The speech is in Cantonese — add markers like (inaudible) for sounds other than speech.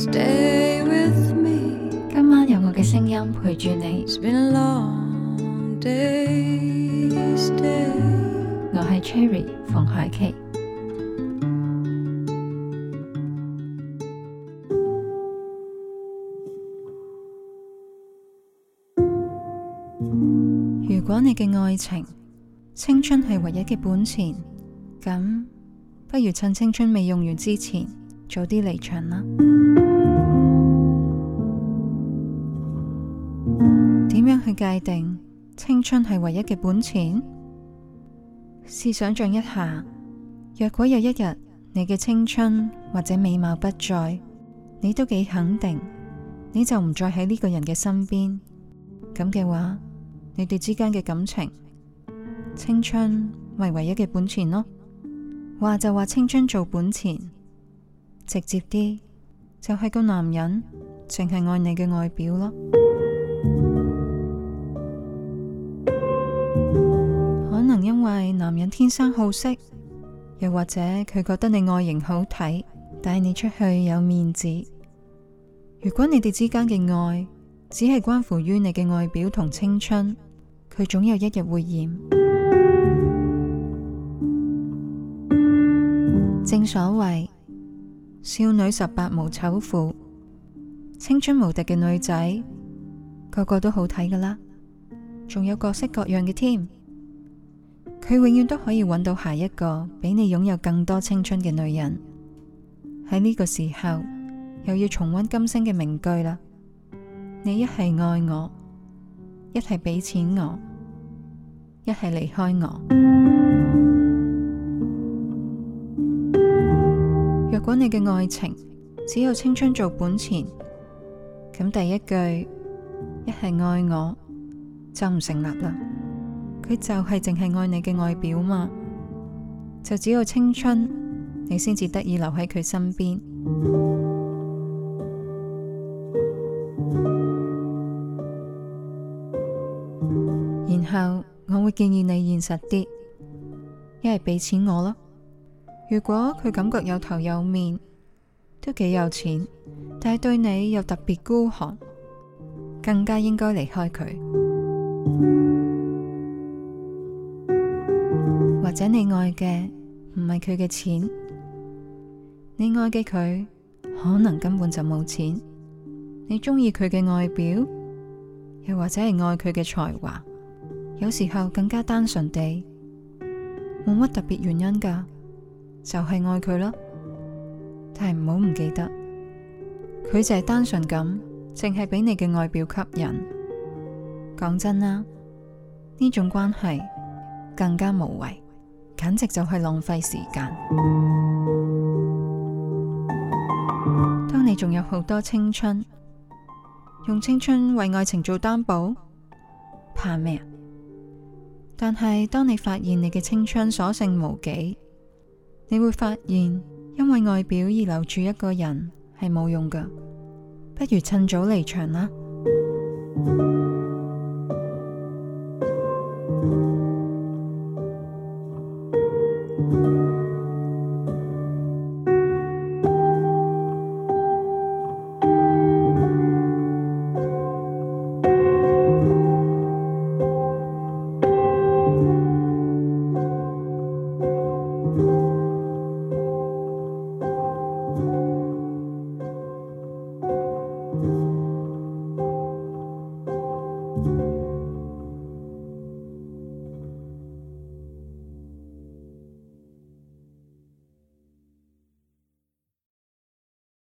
Me, 今晚有我嘅聲音陪住你。Long, day, 我係 Cherry 馮凱淇。如果你嘅愛情青春係唯一嘅本錢，咁不如趁青春未用完之前，早啲離場啦。點樣去界定青春係唯一嘅本錢？試想象一下，若果有一日你嘅青春或者美貌不再，你都幾肯定你就唔再喺呢個人嘅身邊。咁嘅話，你哋之間嘅感情，青春係唯一嘅本錢咯。話就話青春做本錢。直接啲，就係個男人淨係愛你嘅外表咯。可能因為男人天生好色，又或者佢覺得你外形好睇，帶你出去有面子。如果你哋之間嘅愛只係關乎於你嘅外表同青春，佢總有一日會厭。 (noise) 正所謂。少女十八無醜婦，青春無敵嘅女仔個個都好睇噶啦，仲有各式各樣嘅添。佢永遠都可以揾到下一個比你擁有更多青春嘅女人。喺呢個時候又要重溫金星嘅名句啦：你一係愛我，一係俾錢我，一係離開我。如果你嘅愛情只有青春做本錢，咁第一句一係愛我就唔成立啦。佢就係淨係愛你嘅外表嘛，就只有青春你先至得以留喺佢身邊。然後我會建議你現實啲，一係畀錢我咯。如果佢感覺有頭有面，都幾有錢，但係對你又特別孤寒，更加應該離開佢。或者你愛嘅唔係佢嘅錢，你愛嘅佢可能根本就冇錢。你鍾意佢嘅外表，又或者係愛佢嘅才華，有時候更加單純地冇乜特別原因㗎。就係愛佢咯，但係唔好唔記得，佢就係單純咁，淨係俾你嘅外表吸引。講真啦，呢種關係更加無謂，簡直就係浪費時間。 (music) 當你仲有好多青春，用青春為愛情做擔保，怕咩啊？但係當你發現你嘅青春所剩無幾。你會發現，因為外表而留住一個人係冇用㗎，不如趁早離場啦。